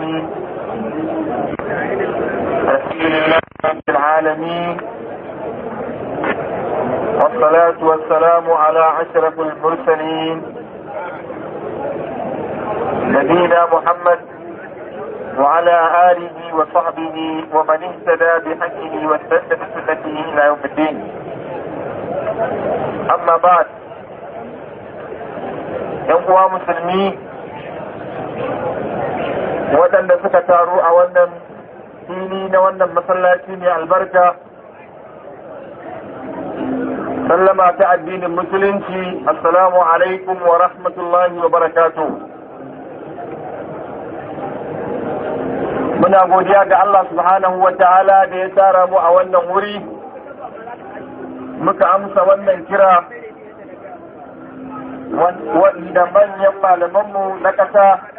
الرحيم الحمد لله رب العالمين والصلاة والسلام على أشرف المرسلين نبينا محمد وعلى آله وصحبه ومن اهتدى بحقه واستنى بسنته إلى يوم الدين أما بعد يوم مسلمين waɗanda suka taru a wannan fili na wannan masallaci ne albarka sallama ta addinin musulunci assalamu alaikum wa rahmatullahi wa barakatu muna godiya ga Allah subhanahu wa ta'ala da ya tara mu a wannan wuri muka amsa wannan kira wanda manyan malamanmu na ƙasa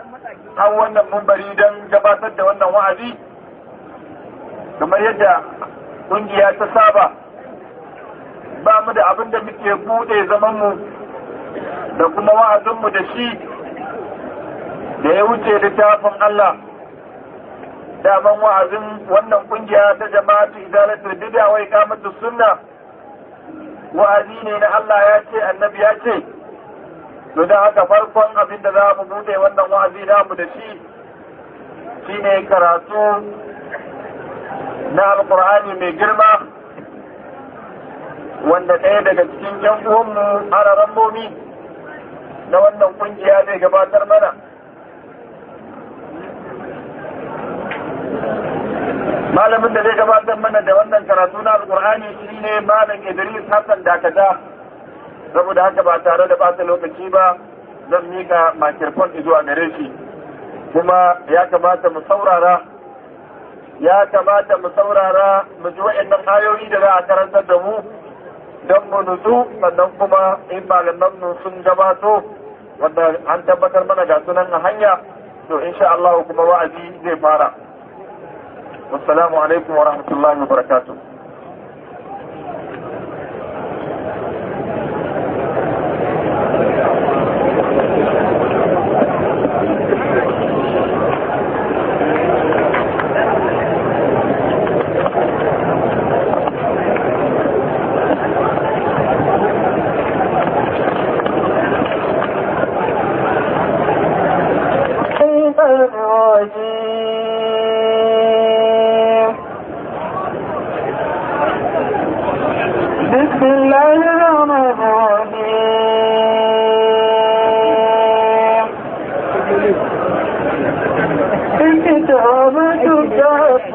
hau wannan mumbari don gabatar da wannan wa'azi kamar yadda ƙungiya ta saba ba mu da abin da muke buɗe zamanmu da kuma wa'azinmu da shi da ya wuce littafin Allah daman wa'azin wannan ƙungiya ta jama'atu izalatul bid'a wa iqamatus sunna wa'azi ne na Allah ya ce annabi ya ce to da haka farkon abin da za mu bude wannan wa'azi mu da shi shine karatu na alkur'ani mai girma wanda ɗaya daga cikin yan uwanmu ara rambomi na wannan kungiya zai gabatar mana malamin da zai gabatar mana da wannan karatu na alkur'ani shine malam idris hassan dakata saboda haka ba tare da bata lokaci ba zan mika makirfon zuwa gare shi kuma ya kamata mu saurara ya kamata mu saurara mu ji waɗannan ayoyi da za a karantar da mu don mu nutsu sannan kuma in malaman mu sun gabato wanda an tabbatar mana ga sunan a hanya to insha Allah kuma wa'azi zai fara assalamu alaikum wa rahmatullahi wa barakatuh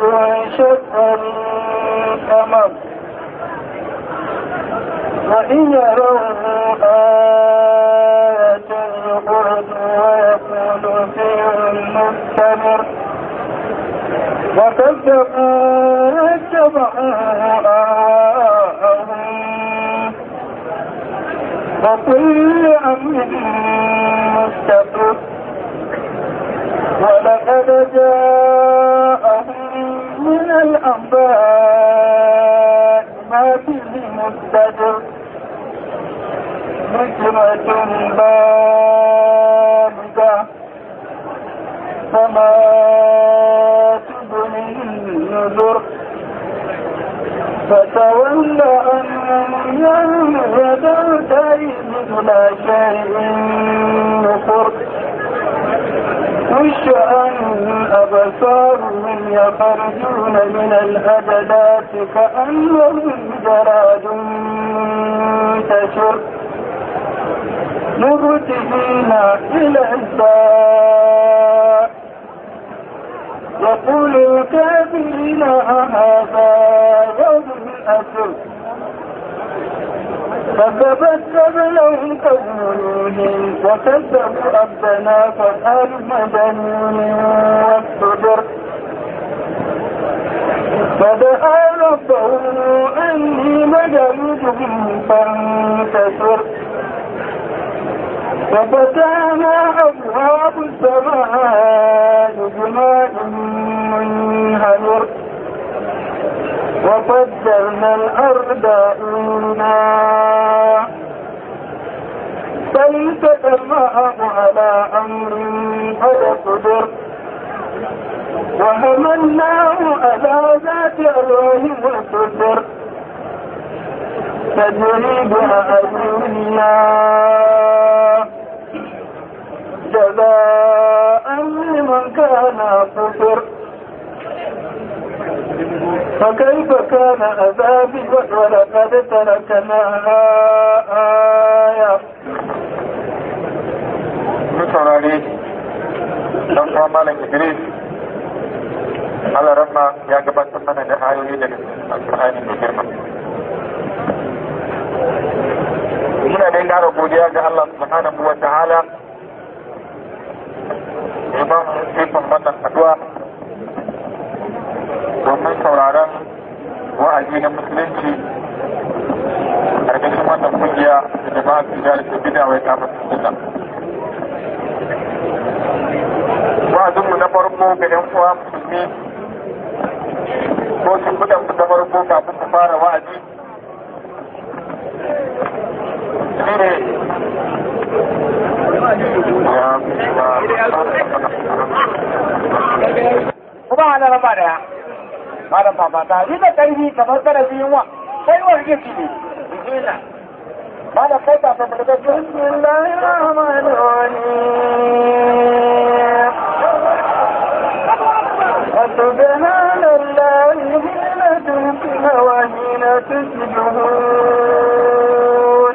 وانشق القمر وإن يروا آية يقعد ويقول فيه المستمر وكذبوا واتبعوا أهواءهم وكل أمر مستقر ولقد جاءهم من الأنباء ما فيه مستجر ذكرة باردة فما تبني النذر فتول أن ينهدى تيمد لا شيء نفر وشأنهم الأبصار من يخرجون من الأجداث كأنهم جراد منتشر مبتدين إلى الساء يقول الكافرين هذا يوم الأسر فتبسم لهم تجنونهم وكذبوا ربنا فقال مدنون واستجر فدعا ربه اني مجلد فانتصر ففتحنا ابواب السماء بما وقدرنا الأرض إنا فليس الماء على أمر قد قدر وهملناه على ذات الله وقدر تجري بها الدنيا جزاء لمن كان كفر فكيف كان عذابي ولقد تركناها آية mutane don kuma malam idris alarama ya gabatar mana da ayoyi daga alfahari mai girma muna dai ƙara godiya ga allah subhanahu wa ta'ala ya ba mu ikon wannan addu'a domin sauraron wa'azi na musulunci ƙarƙashin wannan kungiya da jama'a su jari su bida wai kafin sunna wa'azinmu na farko ga 'yan kuwa musulmi ko su buɗe na farko kafin su fara wa'azi shine 干那个嘛的，干了嘛嘛的，你那东西怎么在那使用啊？谁我给你？你听呢？ما لا خيط بسم الله الرحمن الرحيم وسبحان الله حين تمسنا وحين تسجدون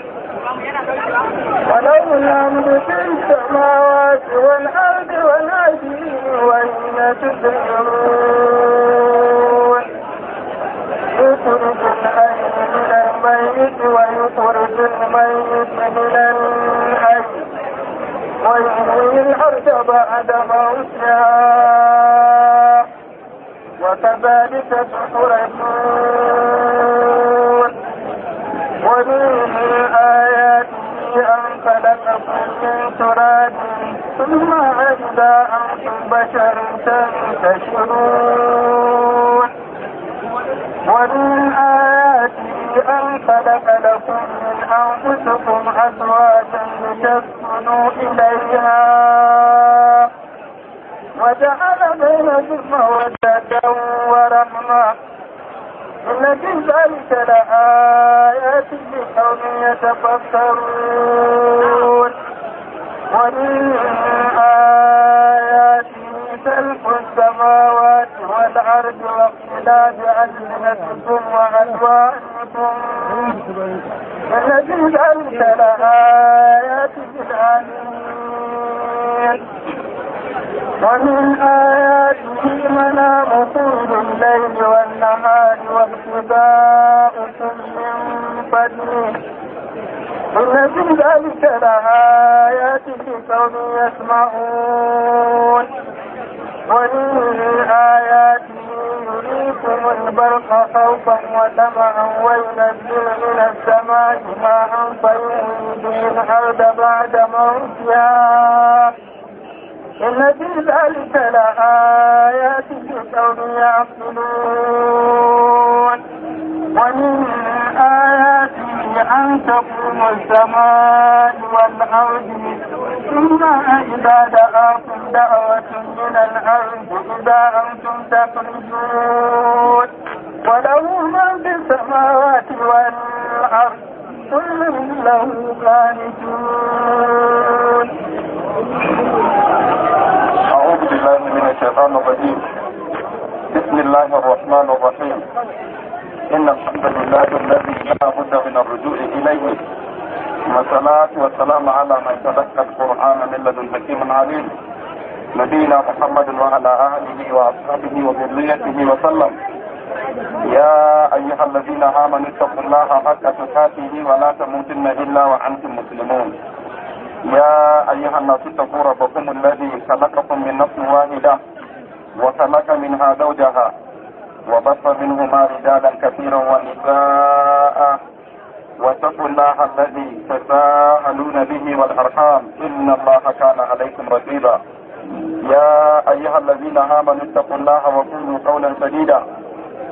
وله الحمد في السماوات والارض والعزيز والنار لا تسمعون يخرج من الميت ويخرج الميت من الحي ويحيي الأرض بعد موتها وكذلك تخرجون ومن آياته أن خلقكم من تراب ثم إذا أنتم بشر تنتشرون ومن آياته أن خلق لكم من أنفسكم أزواجا لتسكنوا إليها وجعل بينكم مودة ورحمة إن في ذلك لآيات لقوم يتفكرون ومن آياته خلق السماوات والأرض واختلاف ألسنتكم وألوانكم الذي أنزل لآيات بالآمين ومن آياته منامكم بالليل والنهار واختباؤكم من فضله إن في ذلك لآيات لقوم يسمعون ومن آياته يريكم البرق خوفا وطمعا وينزل من السماء ماء فيحيي به الأرض بعد موتها إن في ذلك لآيات لقوم يعقلون ومن آياته أن تقوم السماء والأرض ثم إذا دعاكم دعوة من الأرض إذا أنتم تخرجون وله ما في السماوات والأرض كل له خالدون أعوذ بالله من الشيطان الرجيم بسم الله الرحمن الرحيم إن الحمد لله الذي لا بد من الرجوع إليه والصلاة والسلام على من تلقى القرآن من لدن حكيم عليم نبينا محمد وعلى آله وأصحابه وذريته وسلم يا أيها الذين آمنوا اتقوا الله حق تقاته ولا تموتن إلا وأنتم مسلمون يا أيها الناس اتقوا ربكم الذي خلقكم من نفس واحدة وخلق منها زوجها وبث منهما رجالا كثيرا ونساء واتقوا الله الذي تساءلون به والارحام ان الله كان عليكم رقيبا يا ايها الذين امنوا اتقوا الله وقولوا قولا سديدا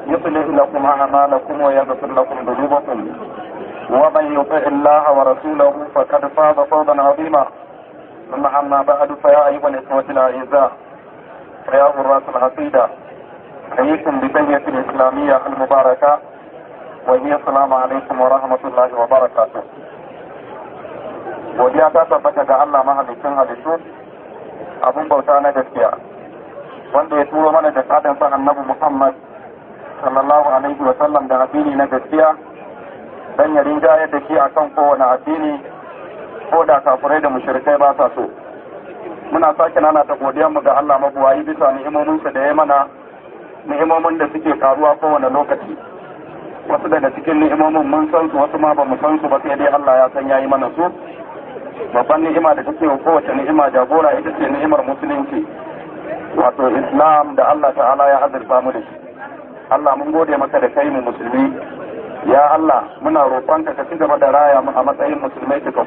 يصلح لكم اعمالكم ويغفر لكم ذنوبكم ومن يطع الله ورسوله فقد فاز فوزا عظيما ثم اما بعد فيا ايها الاخوه الاعزاء فيا غراس العقيده حييكم بتحية الإسلامية المباركة وهي السلام عليكم ورحمة الله وبركاته godiya ta tabbata ga Allah mahalicin halittu abun bauta na gaskiya wanda ya turo mana da tsadan sa annabi Muhammad sallallahu alaihi wa sallam da addini na gaskiya dan ya rinja ki a kan kowane addini ko da kafirai da mushrikai ba sa so muna sake nana ta godiyar mu ga Allah mabuwayi bisa ni'imominsa da ya mana ni'imomin da suke karuwa kowane lokaci wasu daga cikin ni'imomin mun san su wasu ma ba mu san su ba sai dai Allah ya san yayi mana su babban ni'ima da take kowace ni'ima jagora ita ce ni'imar musulunci wato islam da Allah ta'ala ya azurta mu da shi Allah mun gode maka da kai mu musulmi ya Allah muna roƙonka ka ci gaba da raya mu a matsayin musulmai ko.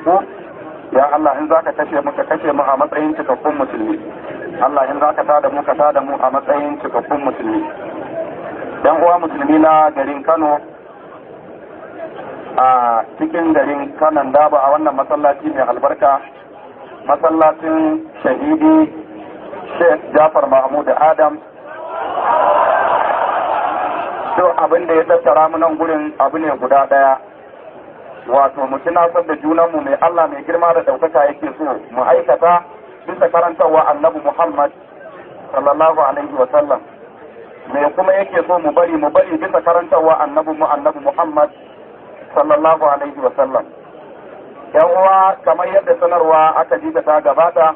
ya Allah in zaka kashe mu ka kashe mu a matsayin cikakkun musulmi Allah in zaka tada mu ka tada mu a matsayin cikakkun musulmi dan uwa musulmi na garin Kano a cikin garin da ba a wannan masallaci mai albarka masallacin shahidi Sheikh Jafar Mahmud Adam to abin da ya tattara mu nan gurin abu ne guda daya wato mu tunatar da mu mai Allah mai girma da ɗaukaka yake so mu aikata bisa karantarwa annabi Muhammad sallallahu alaihi wa sallam me kuma yake so mu bari mu bari bisa karantarwa annabi mu annabi Muhammad sallallahu alaihi wa sallam yan uwa kamar yadda sanarwa aka ji ta gabata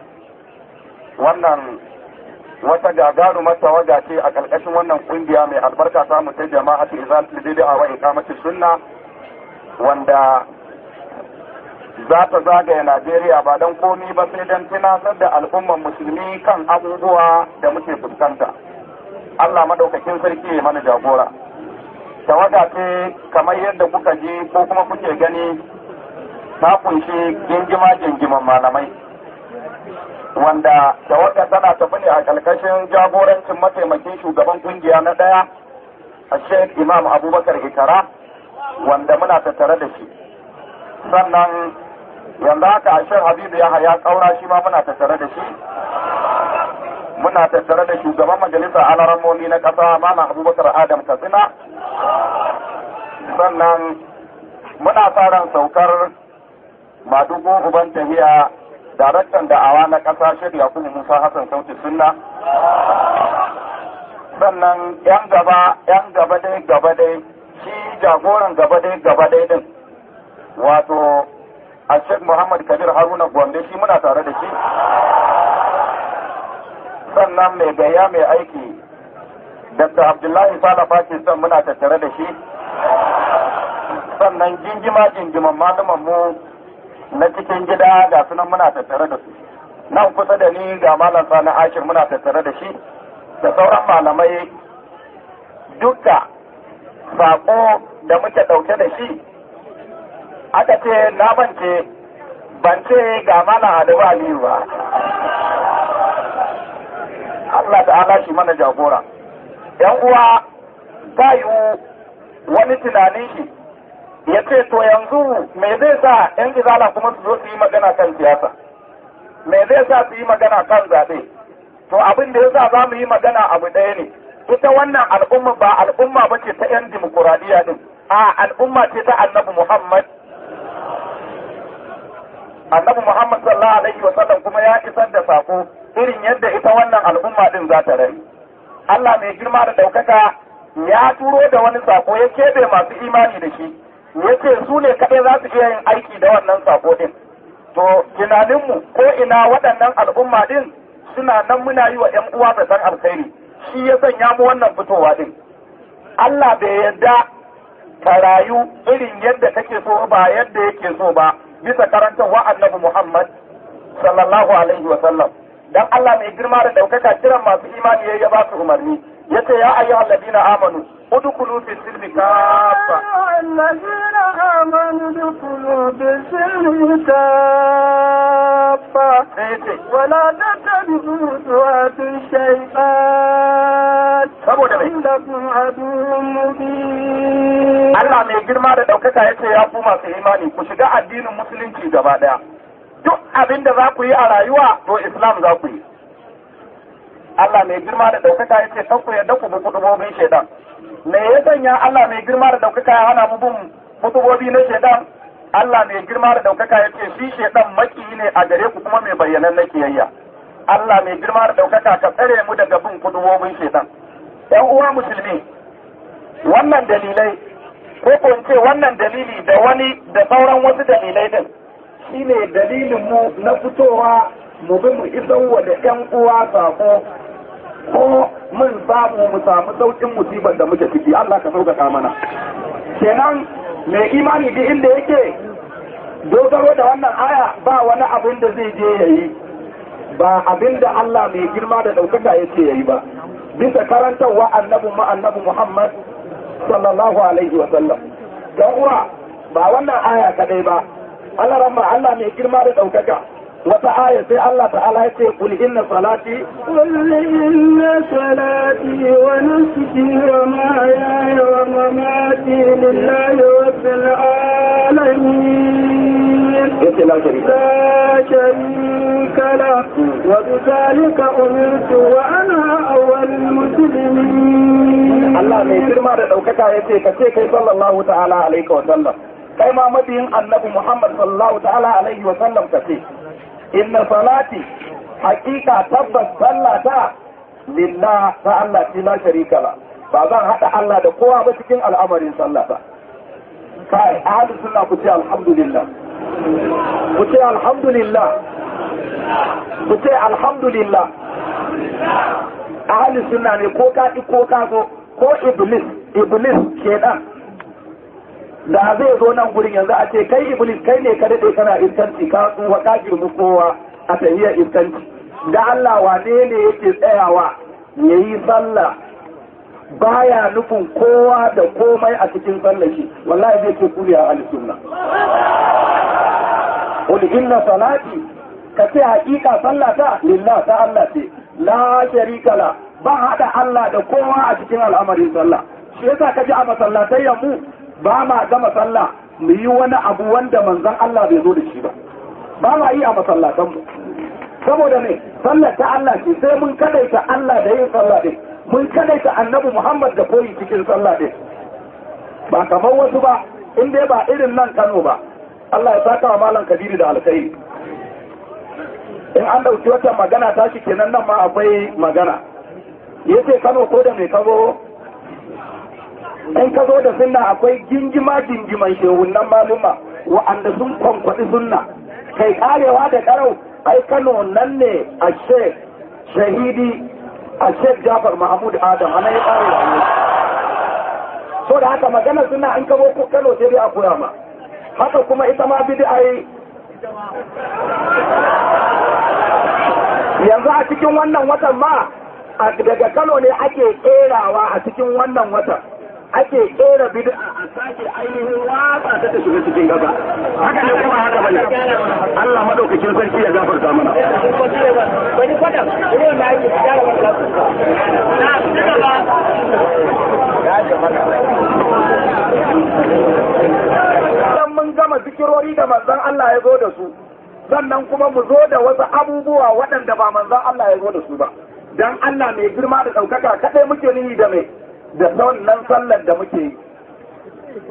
wannan wata gagarumar tawaga ce a ƙarƙashin wannan kungiya mai albarka ta mu ta jama'a ta izalatul bid'a wa iqamatus sunnah wanda za ta zagaya Najeriya ba don komi ba sai don tunasar da al'umman musulmi kan abubuwa da muke fuskanta. Allah madaukakin sarki ya mana jagora. Tawada ce kamar yadda kuka ji ko kuma kuke gani ta kunshi gingima gingiman malamai. Wanda wata tana tafi ne a ƙarƙashin jagorancin mataimakin shugaban kungiya na ɗaya a Imam Abubakar Ikara. wanda muna tattare da shi sannan yanzu haka a shan habibu ya haya kaura shi ma muna tattare da shi muna tattare da shugaban majalisar alaramomi na ƙasa mana abubakar adam katsina sannan muna ran saukar Madugu uban tahiya daraktan da'awa na ƙasa shirya kuma musa hassan sauti sunna sannan yan gaba yan gaba dai gaba dai shi jagoran gaba ɗaya gaba ɗaya din wato a Muhammad Kabir Haruna Gombe shi muna tare da shi sannan mai gaya mai aiki Dr. Abdullahi Sala Pakistan muna tattare da shi sannan jinjima-jinjiman malaman mu na cikin gida ga sunan muna tattare da su nan kusa da ni ga malam Sani Ashir muna tattare da shi da sauran malamai duka saƙo da muke ɗauke da shi aka ce na bance ban ga mana aliyu ba Allah ala shi mana jagora yan uwa ta yi wani tunanin shi ya ce to yanzu me zai sa yan gizala kuma su zo su yi magana kan siyasa me zai sa su yi magana kan zaɓe to abin da ya sa za mu yi magana abu ɗaya ne ita wannan al'umma ba al'umma ba ce ta 'yan dimokuraɗiyya din a al'umma ce ta annabi muhammad annabi muhammad sallallahu alaihi wa sallam kuma ya isar da sako irin yadda ita wannan al'umma din za ta rai Allah mai girma da ɗaukaka ya turo da wani sako ya keɓe masu imani da shi ya ce su ne kaɗai za su iya yin aiki da wannan sako ɗin to tunaninmu ko ina waɗannan al'umma ɗin suna nan muna yi wa ‘yan uwa da san alkhairi shi ya sanya mu wannan fitowa din Allah bai yarda ta rayu irin yadda take so ba yadda yake so ba bisa karantar wa annabi Muhammad sallallahu alaihi wa sallam dan Allah mai girma da daukaka kiran masu imani ya ba su umarni yace ya ayyuha alladina amanu udkhulu fi silmi kaffa alladina amanu udkhulu fi silmi kaffa wala tattabi'u shaytan saboda mai Allah mai girma da daukaka yace ya ku masu imani ku shiga addinin musulunci gaba daya duk abin za ku yi a rayuwa to islam za ku yi Allah mai girma da ɗaukaka ya ce ku yarda ku bi kudubobin shaidan me ya sanya Allah mai girma da ɗaukaka ya hana mu bin kudubobi na shaidan Allah mai girma da ɗaukaka ya ce shi shaidan maki ne a gare ku kuma mai bayyanan na kiyayya Allah mai girma da ɗaukaka ka tsare mu daga bin kudubobin shaidan Yan uwa musulmi wannan dalilai ko ko ce wannan dalili da wani da sauran wasu dalilai din shine dalilin mu na fitowa mu bi mu isan wa da ƴan uwa sako ko mun samu mu samu saukin musibar da muke ciki Allah ka sauka mana kenan mai imani da inda yake dogaro da wannan aya ba wani abin da zai je yayi ba abin da Allah mai girma da ɗaukaka yake yayi ba bisa karantarwa annabi mu annabi Muhammad sallallahu alaihi wa sallam dan uwa ba wannan aya kadai ba Allah ramma Allah mai girma da ɗaukaka wata aya sai Allah ta'ala ya ce kul inna salati kul inna salati wa nusuki wa mahyaya wa mamati lillahi rabbil alamin yace la sharika la sharika la hmm. wa bidhalika umirtu wa ana awwal muslimin Allah mai girma da daukaka yace kace kai sallallahu ta'ala alaihi wa sallam kai ma mabiyin annabi Muhammad sallallahu ta'ala alaihi wa sallam kace inna salati hakika tabbas sallata lillah ta Allah ce la sharika la ba zan hada Allah da kowa ba cikin al'amarin sallata kai ahli sunna ku ce alhamdulillah ku ce alhamdulillah ne ko ka ko ka ko iblis iblis kenan da zai zo nan gurin yanzu a ce kai iblis kai ne ka daɗe kana iskanci ka tsufa ka girmi kowa a tahiyar iskanci da Allah wane ne yake tsayawa ya yi sallah baya nufin kowa da komai a cikin sallah shi wallahi zai ce kuriya a sunna qul inna salati ka ce hakika sallata lillah ta Allah ce la sharika la ba hada Allah da kowa a cikin al'amarin sallah shi yasa ji a masallatai mu ba ma gama sallah mu yi wani abu wanda manzon Allah bai zo da shi ba ba ma yi a masallatan mu saboda ne sallar ta Allah ce sai mun kadaita Allah da yin sallah din mun kadaita annabi Muhammad da koyi cikin sallah din ba kamar wasu ba in dai ba irin nan Kano ba Allah ya saka wa malam Kabiru da alkai in an dauki wata magana tashi kenan nan ma akwai magana yace Kano ko da mai kazo in ka zo da sunna akwai gingima gingiman shehunan maluma wa'anda sun kwankwaɗi sunna kai karewa da karau ai kano nan ne a shek shahidi a shek jafar mahmud adam a nan ya kare da so da haka magana suna in ka ko kano sai dai a koya ma haka kuma ita ma bid'a yi yanzu a cikin wannan watan ma daga kano ne ake kerawa a cikin wannan watan ake tsere bid'a a sake ainihin watsa ta ta shiga cikin gaba haka ne kuma haka bane Allah madaukakin sarki ya gafarta mana wani kwada ruwan da ake gyara wani lafiya na cika ba dan mun gama zikirori da manzon Allah ya zo da su sannan kuma mu zo da wasu abubuwa waɗanda ba manzon Allah ya zo da su ba dan Allah mai girma da ɗaukaka kaɗai muke nuni da mai da nan sallar da muke yi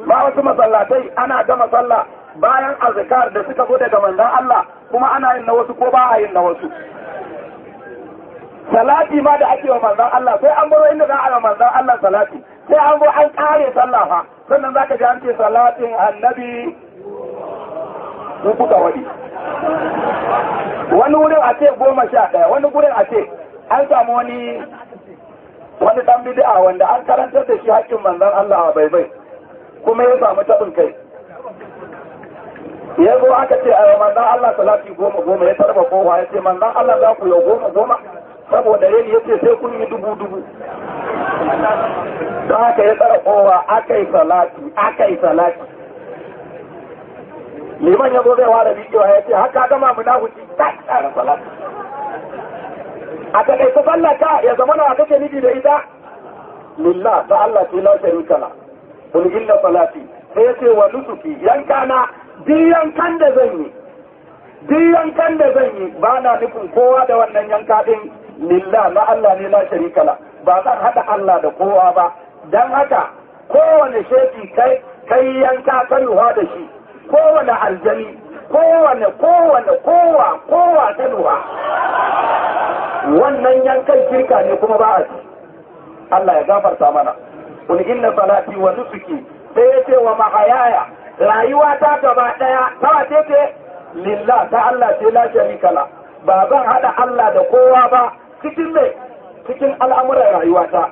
ba wasu masallatai ana gama sallah bayan azikar da suka zo daga manzan Allah kuma ana yin na wasu ko ba a yin na wasu salati ma da ake wa manzan Allah sai an baro inda za a yi manzan Allah salati sai an zo an kare sallah fa sannan zaka ji an ce salatin annabi kuka wani wurin a ce goma sha ɗaya wani wurin a ce an samu wani wani dan bid'a wanda an karantar da shi hakkin manzon Allah a baibai kuma ya samu tabin kai ya zo aka ce ayo manzon Allah salati goma goma ya tarba kowa ya ce manzon Allah za ku yau goma goma saboda yin ya ce sai kun yi dubu dubu don haka ya tsara kowa aka yi salati aka yi salati liman ya zo zai ware bidiyo ya ce haka gama munafuki ta salati a taƙaita sallah ya zama na kake nufi da ita lillah ta Allah ce la sharika la kul inna salati sai ce wa yanka na biyan yankan da zan yi biyan yankan da zan yi ba na nufin kowa da wannan yanka din lillah na Allah ne la sharika la ba zan haɗa Allah da kowa ba dan haka kowane shefi kai kai yanka karuwa da shi kowane aljani kowane kowane kowa kowa ta nuwa wannan yankan kirka ne kuma ba a ci Allah ya gafarta mana kun inna salati wa nusuki sai ya wa mahayaya rayuwa ta gaba daya ta ce ce lillah ta Allah ce la sharika la ba zan hada Allah da kowa ba cikin me cikin al'amuran rayuwata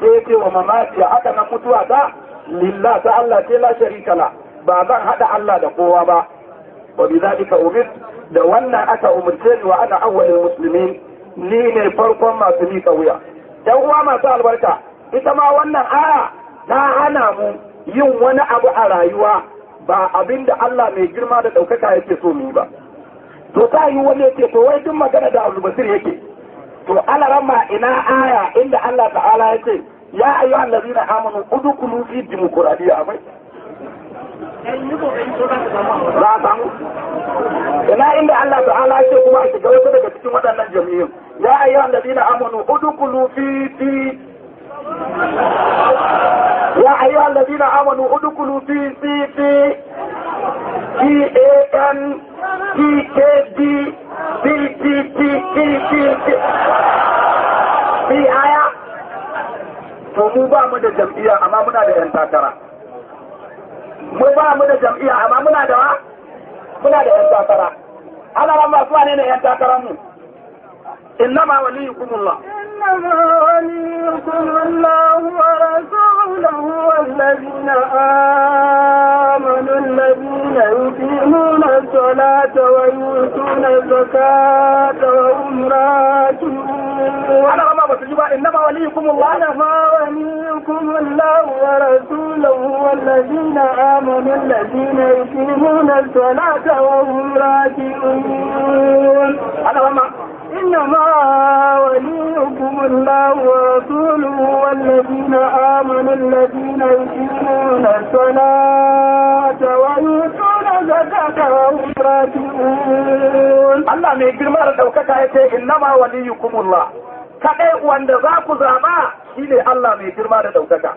sai ya ce wa mamati haka na mutuwa ta lillah ta Allah ce la sharika la ba zan hada Allah da kowa ba وبذلك أمرت لو أن أتى أمرتين وأنا أول المسلمين لين فرقا ما سميت ويا هو ما سأل بركة إتما وأن آه لا أنا مو yin wani abu a rayuwa ba abin da Allah mai girma da ɗaukaka yake so mu ba. To ta yi wani yake to wai duk magana da Abu Basir yake. To alarama ina aya inda Allah ta'ala yake ya ayyuhal na amanu udkhulu fi dimokuraɗiyya amai. za a samu ina inda Allah ta'ala ce kuma a shiga wasu daga cikin waɗannan jami'u ya ayyuha alladhina amanu udkhulu fi fi ya ayyuha alladhina amanu udkhulu fi fi fi T A N T K D T T T T T T T aya to mu ba mu da jam'iyya amma muna da yan takara mu ba mu da jam'iyya amma muna da wa muna da yan takara ana ran masu wane ne yan takaran mu innama waliyukumullah innama waliyukumullah wa rasuluhu wallazina amanu allazina yuqimuna as-salata wa yutuna az-zakata wa hum raki'un تجيبها انما وليكم الله انما وليكم الله ورسوله والذين امنوا الذين يقيمون الصلاه وهم راكعون انما وليكم الله ورسوله والذين امنوا الذين يقيمون الصلاه ويؤتون Allah mai girma da ɗaukaka ya إنما وليكم الله kaɗai wanda za ku zama ne Allah mai girma da ɗaukaka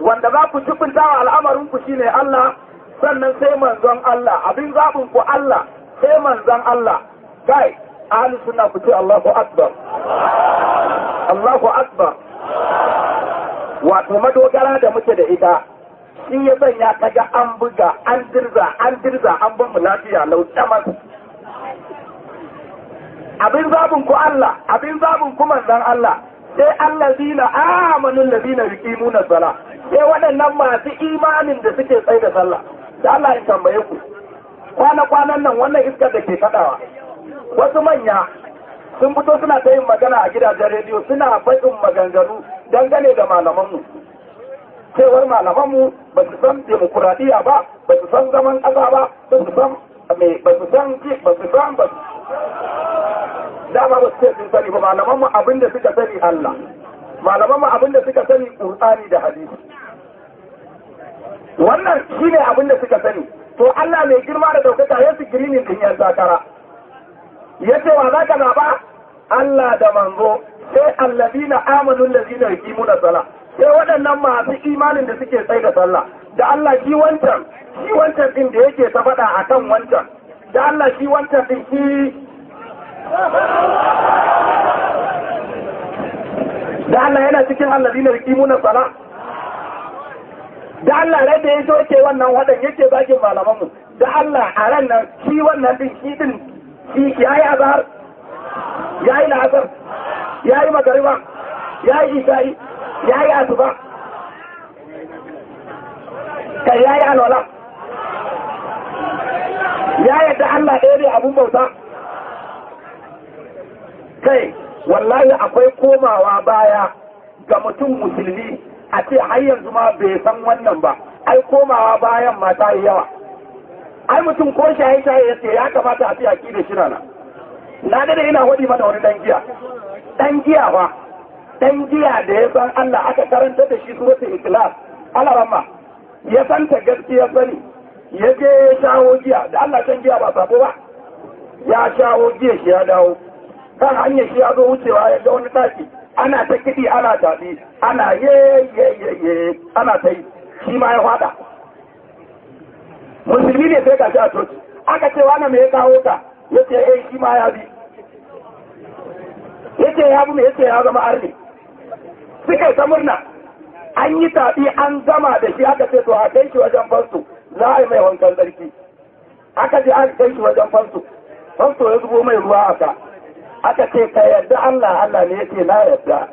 wanda za ku cikinta wa al'amarinku ne Allah sannan sai manzon Allah abin zaɓin ku Allah sai manzon Allah kai ahli suna ku ce Allahu akbar Allahu akbar wato madogara da muke da ita shi ya sanya kaga an buga an dirza an dirza an bin mu lafiya lau abin zabin ku Allah abin zabin ku manzan Allah sai da zina riƙi munar sala sai waɗannan masu imanin da suke tsaye da sallah da Allah ya tambaye ku kwana kwanan nan wannan iskar da ke faɗawa wasu manya sun fito suna ta yin magana a gidajen rediyo suna faɗin maganganu dangane da malamanmu cewar malamanmu ba su san demokuraɗiyya ba ba su san zaman ƙasa ba ba su san mai ba su san ji ba su san ba dama ba su ce sun sani ba malaman mu abin da suka sani Allah malaman mu abin da suka sani Qur'ani da hadisi wannan shine abin da suka sani to Allah mai girma da daukaka ya su girinin din yan takara yace wa zaka ba? Allah da manzo sai allazina amanu allazina yuqimuna salah sai waɗannan masu imanin da suke tsaye da sallah da Allah shi wancan shi wancan din da yake ta faɗa a kan wancan da Allah shi wancan din shi da Allah yana cikin allazi na rikimuna sala da Allah rai da ya zo ke wannan wadan yake bakin malamanmu da Allah a ran nan shi wannan din shi din shi yayi azhar yayi la'asar yayi magariba yayi ya yayi asuba ya yayi alwala ya yadda Allah ɗaya ne abun bauta kai wallahi akwai komawa baya ga mutum musulmi a ce har yanzu ma bai san wannan ba ai komawa bayan ma ta yi yawa ai mutum ko shaye shaye ya ce ya kamata a ce kide da shi rana na da ina hodi mana wani dan giya dan giya fa dan giya da ya san Allah aka karanta da shi suratul ikhlas Allah rahma ya santa gaskiya sani ya je ya shawo giya da Allah can giya ba sabo ba ya shawo giya shi ya dawo kan hanyar shi ya zo wucewa ya ga wani taki ana ta kiɗi ana tafi ana ye ye ye ye ana ta yi shi ma ya fada musulmi ne sai shi a coci aka ce wani mai ya kawo ka ya ce eh shi ma ya bi ya ce ya bi ya ce ya zama arni suka yi ta murna an yi tafi an zama da shi aka ce to a kai shi wajen fansu za a yi mai wankan sarki aka ce aka kai shi wajen fansu fansu ya zubo mai ruwa a aka aka ce ka yarda Allah Allah ne yake na yarda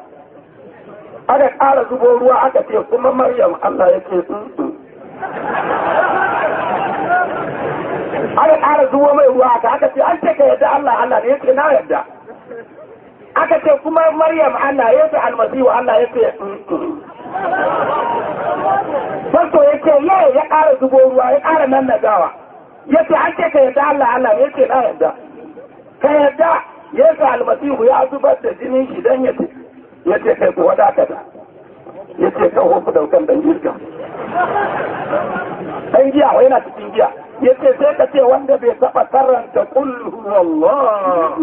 aka ƙara zubo ruwa aka ce kuma Maryam Allah yake tsuntsu aka ƙara zubo mai ruwa aka aka ce an ce ka yarda Allah Allah ne yake na yarda aka ce kuma Maryam Allah yake almasihu Allah yake tsuntsu Fasto ya ce yau ya ƙara zubo ruwa ya ƙara nan na gawa. Ya ce an ce ka yadda Allah Allah ya ce na yadda Ka yadda ya Yesu almasihu ya zubar da jinin shi don ya ce ya ce kai ku wadata da. Ya ce kan hofu daukan dan jirga. ɗan giya wai yana cikin giya ya ce sai ka ce wanda bai taɓa karanta kul huwallah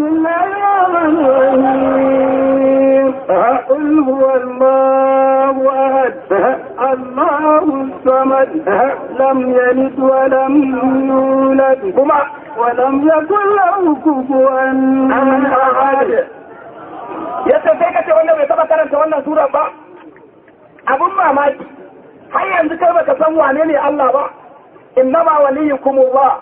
قل هو الله أحد الله الصمد لم يلد ولم يولد ولم يكن له كفوا أحد yadda sai ka ce wanda bai taɓa karanta wannan sura ba abun mamaki har yanzu kai baka san wane ne Allah ba innama waliyukum Allah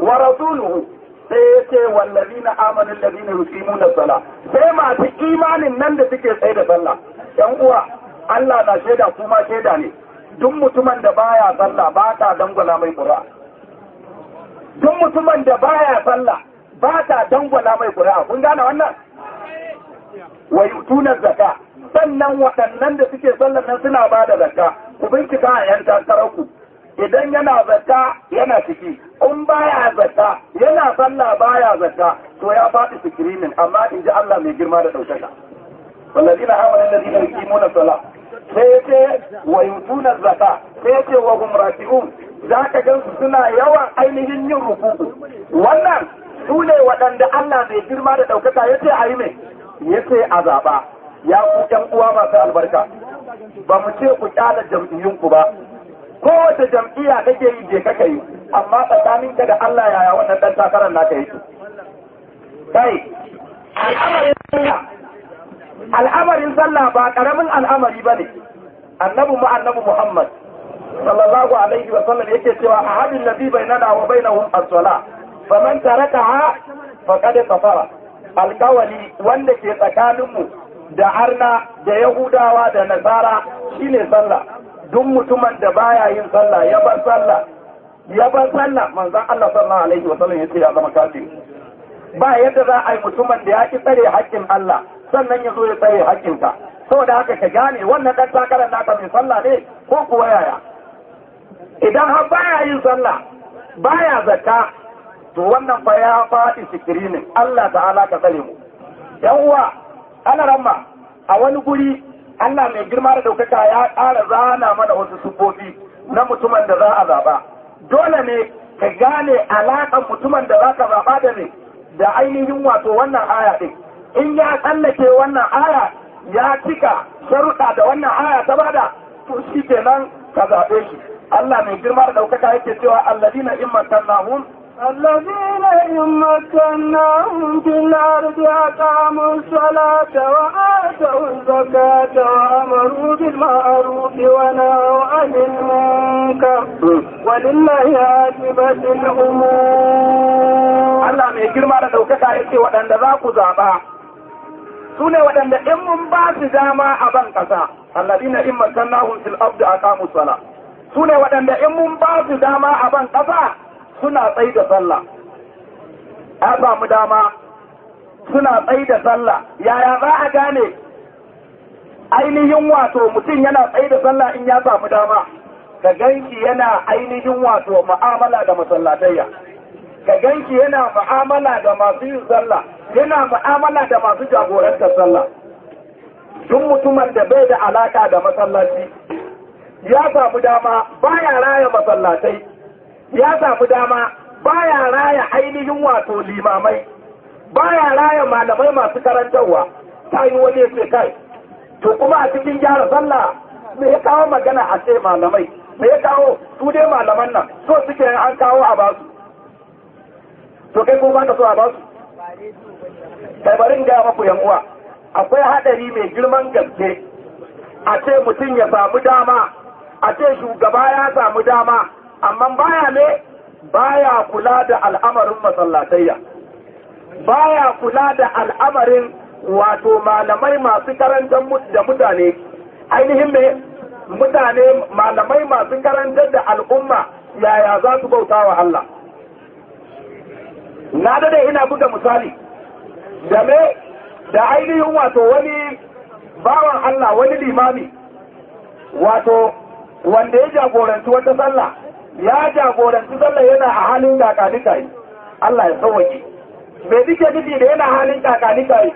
wa rasuluhu sai yace wallazina amanu allazina yuqimuna sala sai masu imanin nan da suke tsaye da sallah yan uwa Allah na shaida kuma shaida ne duk mutumin da baya sallah ba ta dangwala mai qur'a duk mutumin da baya sallah ba ta dangwala mai qur'a kun gane wannan wa yutuna zakka sannan waɗannan da suke sallar nan suna ba da zakka ku bincika a 'yan takararku idan yana zata yana ciki in baya zata yana sallah baya zata to ya faɗi sikirinin amma in ji Allah mai girma da ɗaukaka wallazina amanu allazina yuqimuna salah sai ce wa yutuna zata sai ce wa hum raki'un zaka gansu suna yawan ainihin yin rukuku wannan su ne waɗanda Allah mai girma da ɗaukaka yace a yi mai yace a zaɓa ya ku uwa masu albarka ba mu ce ku kyala jam'iyyunku ba kowace jam'iyya kake yi je kaka yi amma tsakanin ka da Allah yaya wannan dan takarar naka yake kai al'amarin sallah al'amarin sallah ba karamin al'amari bane annabi mu annabi Muhammad sallallahu alaihi wa sallam yake cewa a ahadin ladhi bainana wa bainahum as-salah faman tarakaha faqad kafara alkawali wanda ke tsakaninmu da harna da yahudawa da nasara shine sallah duk mutumin da baya yin sallah ya bar sallah ya bar sallah manzon Allah sallallahu alaihi wa sallam yace ya zama kafiri ba yadda za a yi mutumin da ya ki tsare haƙƙin Allah sannan ya zo ya tsare ka saboda haka ka gane wannan dan takarar naka mai sallah ne ko kuwa yaya idan har baya yin sallah baya zakka to wannan fa ya faɗi sikirinin Allah ta'ala ka tsare mu yawwa ana ramma a wani guri Allah mai girma da daukaka ya ƙara zana mana wasu sufofi na mutumin da za a zaɓa dole ne ka gane alaƙar mutumin da za ka zaɓa da ne da ainihin wato wannan aya ɗin in ya tsallake wannan aya ya cika sharuɗa da wannan aya ta bada to shi kenan ka zaɓe shi Allah mai girma da ɗaukaka yake cewa alladina in matannahum الذين إن مكناهم في الأرض أقاموا الصلاة وآتوا الزكاة وأمروا بالمعروف ونهوا عن المنكر ولله عاقبة الأمور. Allah mai girma da ɗaukaka yake waɗanda za ku zaɓa su ne waɗanda in mun ba su dama a ban ƙasa allazina in makannahum fil ardi aqamu sala su ne waɗanda in mun ba su dama a ban ƙasa suna tsaye da sallah an samu dama suna tsaye da sallah yaya za a gane ainihin wato mutum yana tsaye da sallah in ya samu dama ka ganki yana ainihin wato ma'amala da masallatayya ka ganki yana ma'amala da masu yin sallah yana ma'amala da masu jagorantar sallah duk mutumar da bai da alaka da masallaci ya samu dama baya raya masallatai ya samu dama baya raya ainihin wato limamai baya raya malamai masu karantarwa ta yi wani ce kai to kuma a cikin gyara sallah me ya kawo magana a ce malamai me ya kawo su dai malaman nan so suke an kawo a basu to kai ko ka so a basu kai bari ga maku yan uwa akwai hadari mai girman gaske a ce mutum ya samu dama a ce shugaba ya samu dama amma baya ne baya kula da al'amarin masallatayya baya kula da al'amarin wato malamai masu karantar da mutane ainihin me mutane malamai masu karantar da al'umma yaya za su bauta wa Allah na dade ina buga misali da me da ainihin wato wani bawan Allah wani limami wato wanda ya jagoranci wata sallah ya jagoranci sallah yana a halin kakanika yi Allah ya sauwaki bai duke gidi da yana halin kakanika yi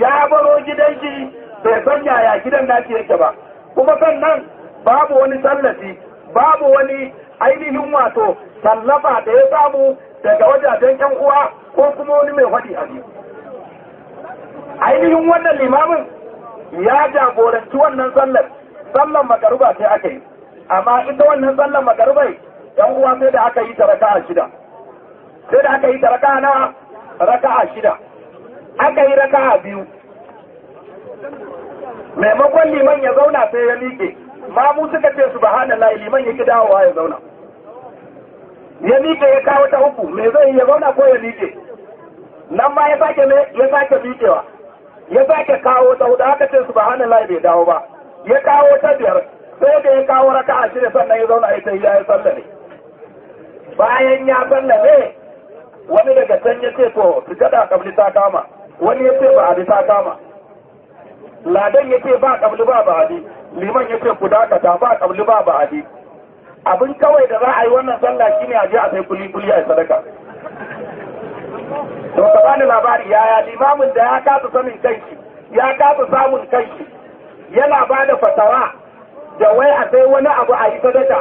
ya baro gidan shi bai san yaya gidan ke yake ba kuma sannan babu wani sallafi babu wani ainihin wato tallafa da ya samu daga wajajen yan uwa ko kuma wani mai faɗi a biyu ainihin wannan limamin ya jagoranci wannan sallar sallar makaruba sai aka yi amma ita wannan sallar magarbai yan uwa sai da aka yi ta raka'a shida sai da aka yi ta raka'a na raka'a shida aka yi raka'a biyu maimakon liman ya zauna sai ya miƙe ma mu suka ce su layi liman ya yake dawowa ya zauna ya miƙe ya kawo ta uku me zai ya zauna ko ya miƙe nan ma ya sake me ya sake miƙewa ya sake kawo ta hudu aka ce su layi bai dawo ba ya kawo ta biyar sai da ya kawo raka a shirya sannan ya zauna ita ya yi sallame bayan ya sallame wani daga can ya ce to a kabli ta kama wani ya ce ba a ta kama ladan ya ce ba a kabli ba ba hadi liman ya ce ku dakata ba a kabli ba ba hadi abin kawai da za a yi wannan sallah shine a je a sai kuli kuli a sadaka to ka bani labari yaya limamin da ya kasa sanin kanki ya kasa samun kanki yana ba da fatawa da wai akwai wani abu a yi sadaka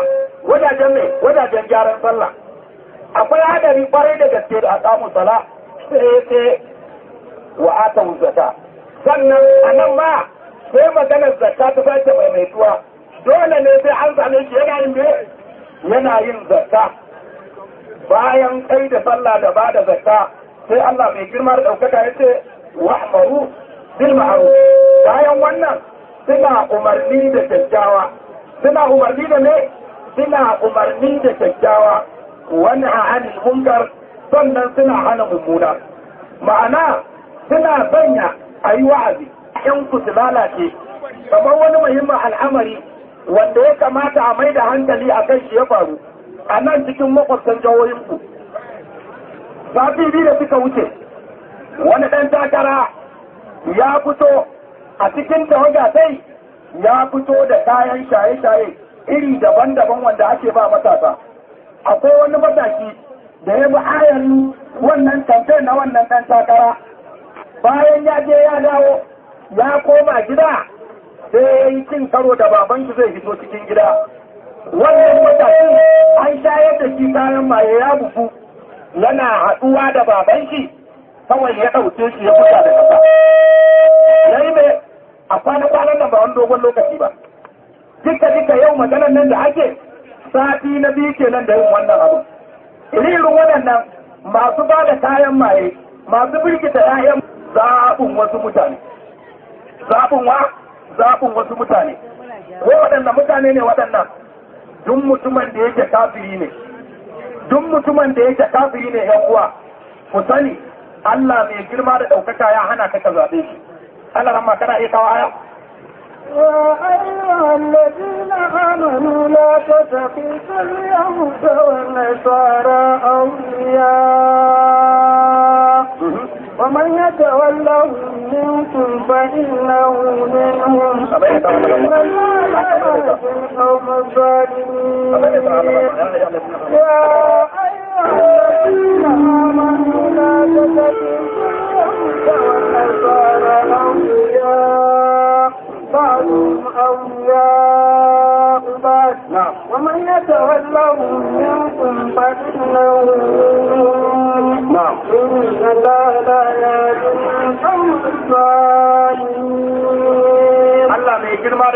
wajajen mai wajajen gyaran sallah akwai haɗari kwarai da gaske da aqamu sala sai sai wa atu zakka sannan nan ma sai maganar zakka ta mai tuwa dole ne sai an zane shi yana yin me yana yin zakka bayan kai da sallah da ba da zakka sai Allah mai girma da daukaka ya ce wa'maru bil ma'ruf bayan wannan suna umarni da kyakkyawa suna umarni da ne suna umarni da kyakkyawa wani a hannun munkar sannan suna hana mummuna ma'ana suna sanya a yi wa'azi in ku su lalace kamar wani muhimmin al'amari wanda ya kamata a mai da hankali a kan shi ya faru a nan cikin makwabtan jihohinku sati biyu da suka wuce wani ɗan takara ya fito a cikin tawaga sai ya fito da kayan shaye-shaye iri daban-daban wanda ake ba matasa akwai wani mataki da ya bi ayan wannan kamfe na wannan ɗan takara bayan ya je ya dawo ya koma gida sai ya yi cin karo da baban shi zai fito cikin gida wannan mataki an shayar da shi kayan maye ya bugu yana haɗuwa da baban shi kawai ya ɗauke shi ya fita da ƙasa ya mai a kwana-kwanan nan ba wani dogon lokaci ba duka duka yau maganan nan da ake sati na biyu kenan da yin wannan abu irin waɗannan masu ba da kayan maye masu birkita 'ya'yan zaɓin wasu mutane zaɓin wa zaɓin wasu mutane Ko waɗannan mutane ne waɗannan duk mutumin da yake kafiri ne duk mutumin da yake kafiri ne yan uwa ku sani Allah mai girma da ɗaukaka ya hana ka ka zaɓe shi أنا لما كان إيه آية وأيها الذين آمنوا لا تتخذوا اليهود والنصارى أولياء ومن يتولهم منكم فإنه منهم إن الله لا يهدي القوم الظالمين يا أيها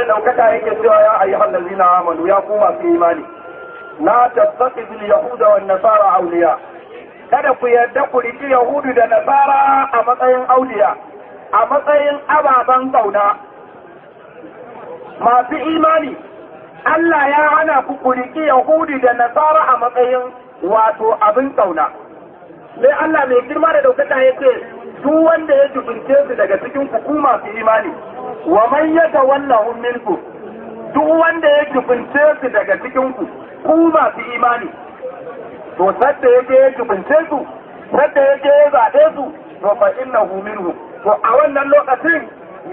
da ɗaukaka yake cewa ya ayi ayyuhan na amalu ya ku masu imani la tattakhidul yahuda wa nasara auliya kada ku yarda ku riki yahudu da nasara a matsayin auliya a matsayin ababen kauna masu imani Allah ya hana ku ku riki yahudu da nasara a matsayin wato abin kauna sai Allah mai girma da ɗaukaka yake duk wanda ya jubince su daga cikin hukuma ku masu imani wa man yatawallahum minkum duk wanda ya kibince su daga cikin ku ku masu imani to sadda yake ya kibince su sadda yake ya zaɓe su to fa innahu minhum to a wannan lokacin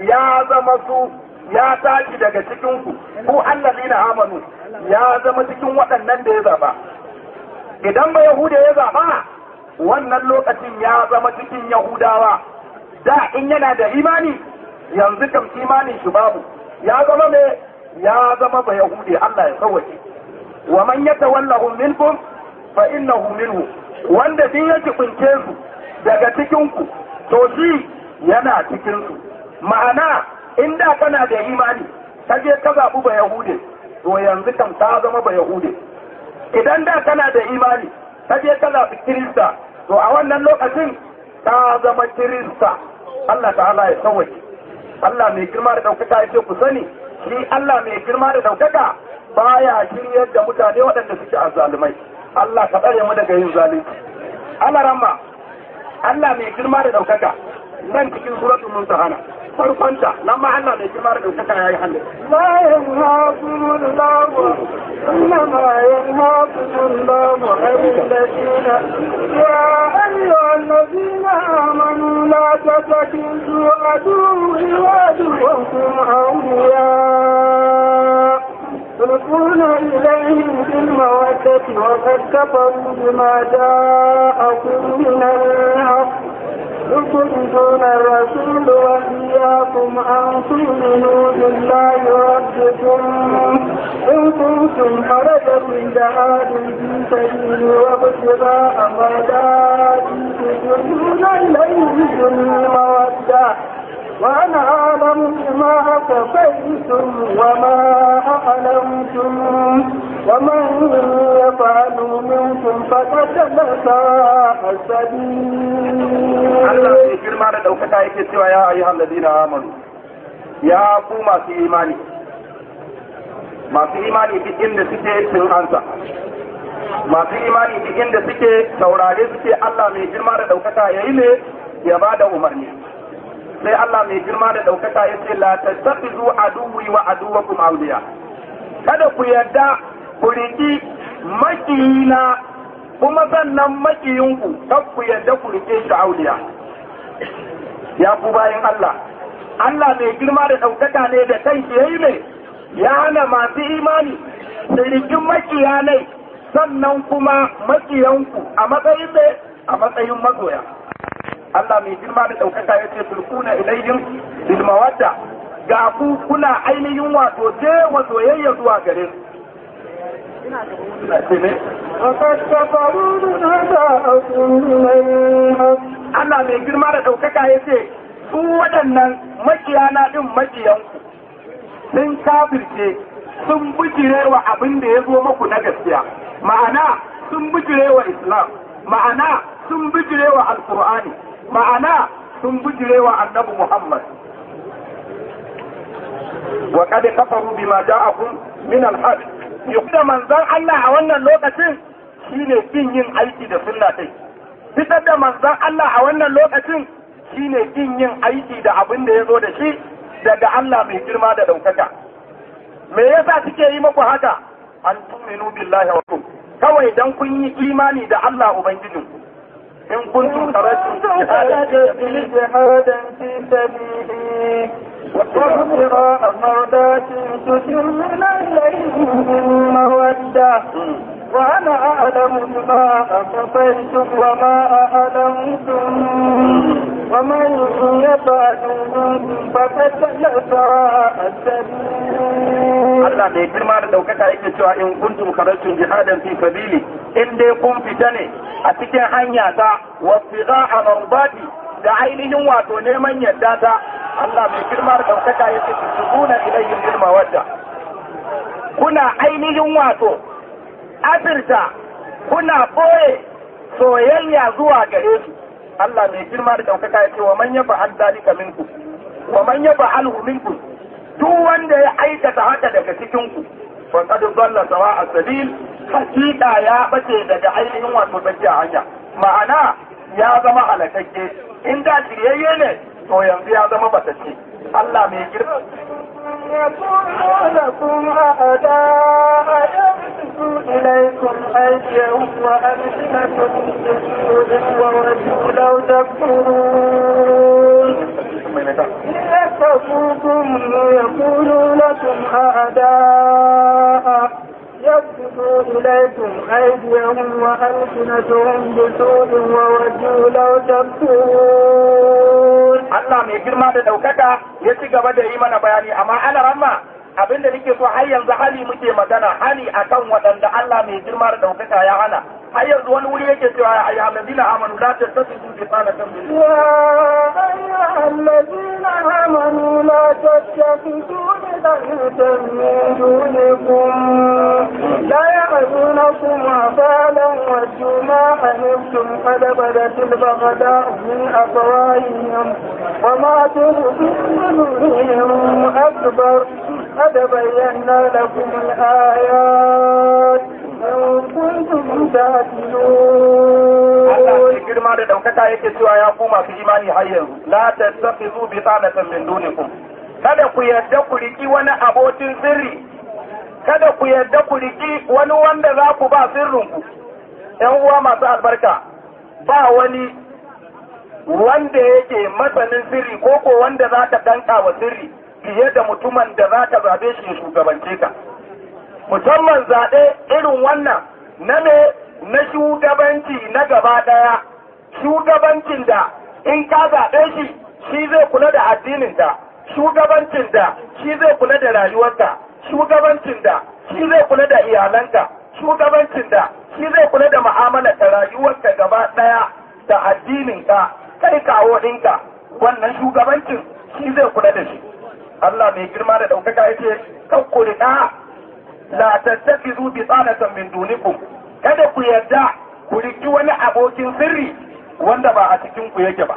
ya zama su ya tashi daga cikin ku ku allazina amanu ya zama cikin waɗannan da ya zaba idan ba yahuda ya zaba wannan lokacin ya zama cikin yahudawa da in yana da imani yanzu kam imanin shi babu ya zama ne ya zama ba yahudi Allah ya sauwaje wa man yatawallahu minkum fa innahu minhu wanda din ya kibince su daga cikin ku to shi yana cikin su ma'ana inda kana da imani ka je ka zabu ba yahudi to yanzu kam ta zama ba yahudi idan da kana da imani ka je ka zabi kirista to a wannan lokacin ta zama kirista Allah ta'ala ya sauwaje Allah mai girma da ɗaukaka ya ce ku sani ni Allah mai girma da ɗaukaka baya shiryar da mutane waɗanda suke a azzalumai Allah ka tsare mu daga yin zalunci Allah ramma Allah mai girma da ɗaukaka nan cikin suratul hana. farkonta nan ma Allah mai girma da ɗaukaka ya yi hannu. La yin hafimun lamu, inna ma yin hafimun lamu, ayin da shina. Ya ayyo allazina amanu la ta takin su a duwi wa duwan kuma auliya. تلقون إليهم بالمودة وقد كفروا بما جاءكم من الحق تجدون الرسول وإياكم أن تؤمنوا بالله ربكم إن كنتم حرجا من جهاد في سبيل وابتغاء مرضاتي تجدون إليه بالمودة وأنا أعلم بما أخفيتم وما أعلمتم ومن يفعل منكم فقد لساء سبيل. الله يجزي ما لو يا أيها الذين آمنوا ya ku masu imani masu imani duk inda suke sun ansa masu imani duk inda suke saurare suke Allah mai girma da daukaka yayi ne ya bada umarni sai Allah mai girma da ɗaukaka ya ce la tattakhidhu aduwwi wa aduwwakum auliya kada ku yarda ku riki makiyina kuma sannan makiyinku kan ku yarda ku rike shi auliya ya ku bayan Allah Allah mai girma da ɗaukaka ne da kanki yi ne ya hana masu imani sirikin makiya ne sannan kuma makiyanku a matsayin ne a matsayin magoya Allah mai girma da ɗaukaka ya ce tulkuna ilayhim bil mawadda ga ku kuna ainihin wato wa soyayya zuwa gare su Allah mai girma da ɗaukaka ya ce su waɗannan makiyana ɗin makiyanku sun kafirce sun wa abin da ya zo maku na gaskiya ma'ana sun wa islam ma'ana sun wa alkur'ani ma'ana sun bujire wa annabi Muhammad wa kad kafaru bima ja'akum min al-haq yukuda manzan Allah a wannan lokacin shine bin yin aiki da sunna dai. fitar da manzan Allah a wannan lokacin shine bin yin aiki da abin da yazo da shi daga Allah mai girma da daukaka me yasa suke yi muku haka an tuminu billahi wa kawai dan kun yi imani da Allah ubangijinku إن كنتم خرجتم جهادا في سبيلي وابتغاء من الليل من مودة وأنا أعلم بما أخفيتم وما أعلمتم ومن يفعل فقد ساء Allah mai girma da ɗaukaka yake cewa in kuntum karantun jihadan fi sabili in dai kun fita ne a cikin hanya ta wasiqa a marbati da ainihin wato neman yadda ta Allah mai girma da ɗaukaka yake tsuguna ilayhim girma wadda kuna ainihin wato afirta kuna boye soyayya zuwa gare su Allah mai girma da ɗaukaka ya ce wa man yafa'al zalika minkum wa man yafa'alhu minkum duk wanda ya aikata haka daga cikin ku fa qad dalla sawa'a sabil hakika ya bace daga ainihin wato a hanya ma'ana ya zama halakakke in da shiryayye ne to yanzu ya zama batacce Allah mai girma يكن لكم أعداء إليكم أيديهم وألسنتهم لكم أعداء يبسطوا إليكم أيديهم وألسنتهم بسوء وودوا لو تكفرون mai girma da ɗaukaka ya ci gaba da yi mana bayani amma ana ramma abinda nake so har yanzu hali muke magana hali akan wadanda Allah mai girma da daukaka ya hana har yanzu wani wuri yake cewa ya allazina amanu la tattakhidhu bitanatan min ya allazina amanu la tattabi'u bitanatan min dunikum la ya'dunukum afalan wa juma antum qad badat al-baghda min afwahihim wa ma tuhdi akbar قد بينا لكم الآيات إن كنتم تعقلون Allah ne girma da ɗaukaka yake cewa ya koma su imani har yanzu la kada ku yarda ku riki wani abokin sirri kada ku yarda ku riki wani wanda za ku ba sirrinku ‘yan uwa masu albarka ba wani wanda yake masanin sirri ko ko wanda za danka wa sirri fiye da mutumin da za ta zabe shi shugabance ka musamman zaɓe irin wannan na ne na shugabanci na gaba ɗaya shugabancin da in ka zaɓe shi shi zai kula da addininka shugabancin da shi zai kula da rayuwarka shugabancin da shi zai kula da iyalanka shugabancin da shi zai kula da mu'amalar rayuwarka gaba ɗaya da addininka kai kawo ɗinka wannan shugabancin shi zai kula da shi Allah mai girma da ɗaukaka ya ce kakku riƙa la tattakizu bi tsanatan min duniku, kada ku yarda ku riki wani abokin sirri wanda ba a cikin ku yake ba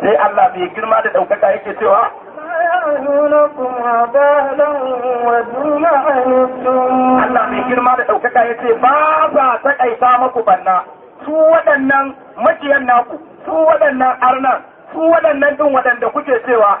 sai Allah mai girma da ɗaukaka yake cewa Allah mai girma da ɗaukaka ya ce ba za ta ƙaita maku banna su waɗannan maciyan naku su waɗannan arnan su waɗannan ɗin waɗanda kuke cewa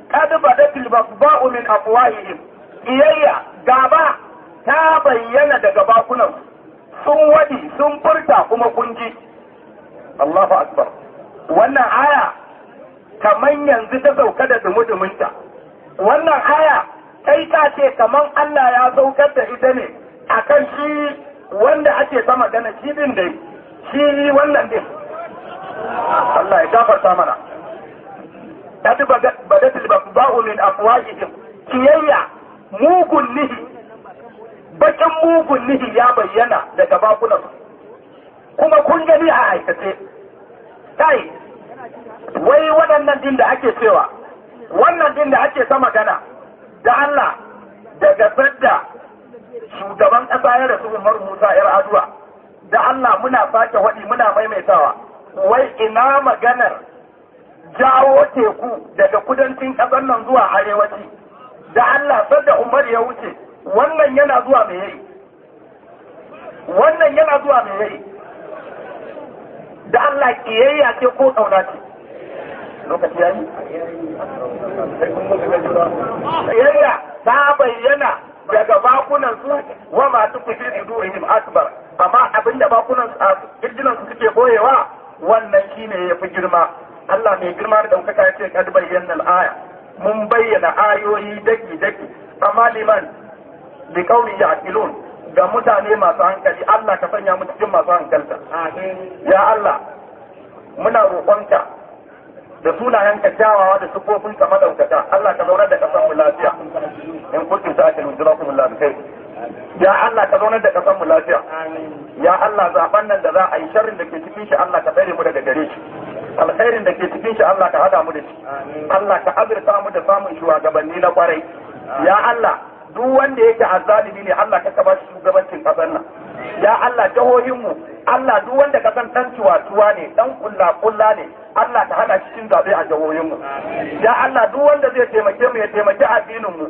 kada badatil bagba min afwahihim iyayya gaba ta bayyana daga bakunan sun wadi sun furta kuma kunji Allahu akbar wannan aya kaman yanzu ta sauka da dumudumunta wannan aya kai ta ce kaman Allah ya saukar da ita ne akan shi wanda ake ta magana shi din dai shi wannan din Allah ya gafarta mana badat al ba'u min afwajihim kiyayya mugun nihi bakin mugun nihi ya bayyana daga bakunan kuma kun gani a aikace kai wai waɗannan din da ake cewa wannan din da ake ta magana da Allah daga sadda shugaban ƙasa ya rasu Umar Musa yar aduwa da Allah muna sake waɗi muna maimaitawa wai ina maganar jawo teku daga kudancin kasar nan zuwa arewaci da Allah sadda Umar ya wuce wannan yana zuwa mai yayi wannan yana zuwa mai yayi da Allah kiyayya ce ko kauna ce lokaci yayi kiyayya ta bayyana daga bakunan su wa masu kufi yin akbar amma abinda bakunan su kirjinan su suke boyewa wannan shine yafi girma Allah mai girma da ɗaukaka ya ce kad bayyana al'aya mun bayyana ayoyi daki daki amma liman li qawli ya'qilun ga mutane masu hankali Allah ka sanya mu cikin masu hankalta ya Allah muna roƙonka da sunayen ka jawawa da sufofin ka madaukaka Allah ka zauna da kasan mu lafiya in khair ya Allah ka zaunar da kasan mu lafiya ya Allah zaben nan da za a yi sharrin da ke cikin shi Allah ka tsare mu daga gare shi alkhairin da ke cikin shi Allah ka hada mu da shi Allah ka azurta mu da samun shugabanni na kwarai ya Allah duk wanda yake azzalimi ne Allah ka kaba shi shugabancin kasan nan ya Allah jahohin mu Allah duk wanda ka san dan tuwa ne dan kulla kulla ne Allah ta hada cikin zabe a jahohin mu ya Allah duk wanda zai taimake mu ya taimake addinin mu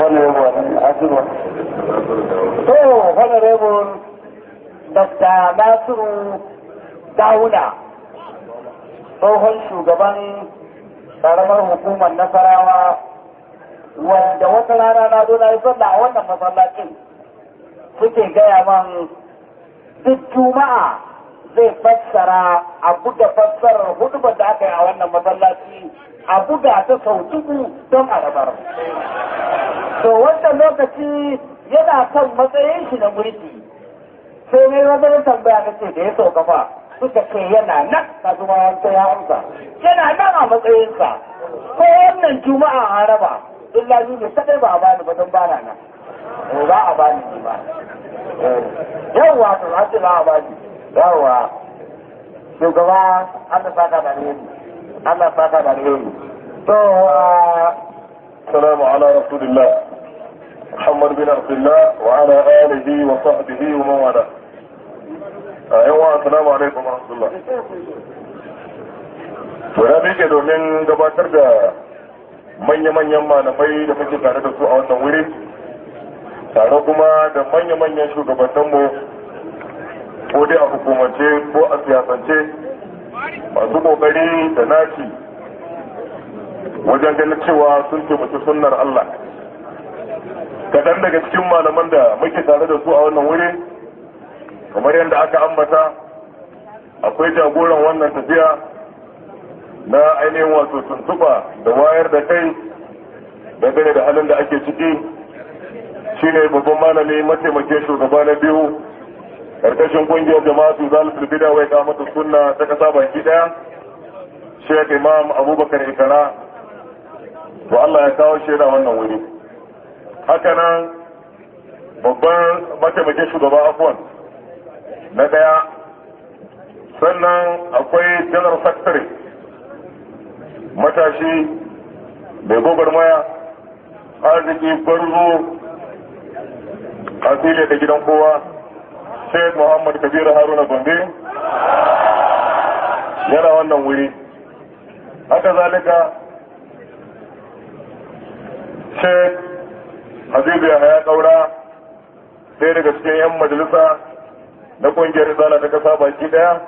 honorable asiru to nasiru dawuna tsohon shugaban ƙaramar hukumar nasarawa wanda wata rana na zo na yi sallah a wannan masallacin suke gaya man duk juma'a zai fassara abu da fassarar hudubar da aka yi a wannan masallaci a buga ta sau dubu don a rabar to wanda lokaci yana kan matsayin shi na mulki sai mai wajen tambaya na ce da ya sauka fa suka ce yana nan ka zuma wanda ya amsa yana nan a matsayinsa ko wannan juma'a a raba. illa lalu ne kadai ba a bani ba don bana nan Ba a bani ni ba yawwa to za a bani yawwa shugaba an da saka da ne Allah saka da alheri to salamu ala rasulillah Muhammad bin Abdullah wa ala alihi wa sahbihi wa man wala wa assalamu alaikum wa rahmatullah to na miƙe domin gabatar da manya-manyan malamai da muke tare da su a wannan wuri tare kuma da manya-manyan shugabanninmu ko dai a hukumance ko a siyasance masu kokari da naci wajen ganin cewa sun taimaki sunnar Allah kaɗan daga cikin malaman da muke tare da su a wannan wuri kamar yadda aka ambata akwai jagoran wannan tafiya na ainihin wato tuntuba da wayar da kai dangane da halin da ake ciki shine babban malami mataimakin shugaba na biyu karkashin kungiyar jama'atu zalisul bida wai ga mata sunna ta kasa banki daya shek Imam Abubakar Ikara to Allah ya kawo shaida wannan wuri haka nan babban mataimakin shugaba afwan na daya sannan akwai general factory matashi mai maya arziki gwarzo a da gidan kowa Sheikh muhammad kabiru haruna gombe yana wannan wuri haka zalika Sheikh habibu yahaya kaura ɗaya daga cikin 'yan majalisa na ƙungiyar izala ta kasa baki ɗaya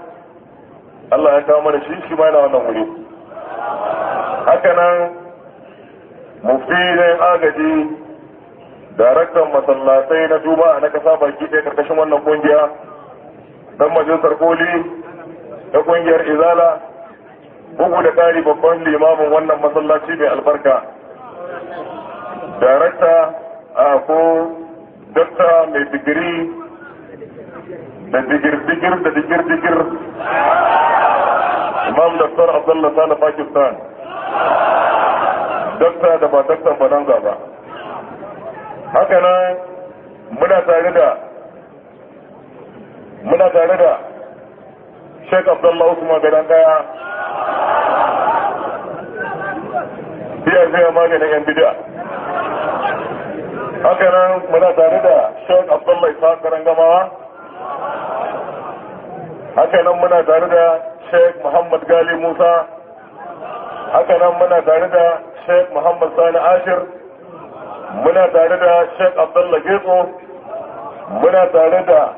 allah ya kawo mana shi shi ma yana wannan wuri haka nan mufti na agaji daraktan masallatai na a na kasa baki ɗaya karkashin wannan kungiya dan majalisar koli da kungiyar izala bugu da ƙari babban limamin wannan masallaci mai albarka darakta a ko dakta mai digiri da digir-digir da digir-digir imam daftar abdullah sani pakistan dakta da ba daktan nan ba haka nan muna tare da muna tare da sheik abdullahi usman gadan kaya biya zai maganin yan bidiya haka nan muna tare da sheik abdullahi isa karan gamawa haka nan muna tare da sheik muhammad gali musa haka nan muna tare da sheik muhammad sani ashir muna tare da Sheikh Abdullah Getso muna tare da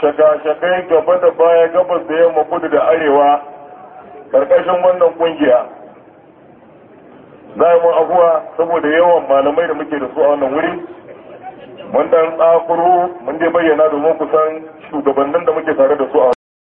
shaga gaba da baya gabas da yamma kudu da arewa karkashin wannan kungiya za mu afuwa saboda yawan malamai da muke da su a wannan wuri mun dan tsakuru mun je bayyana domin kusan shugabannin da muke tare da su a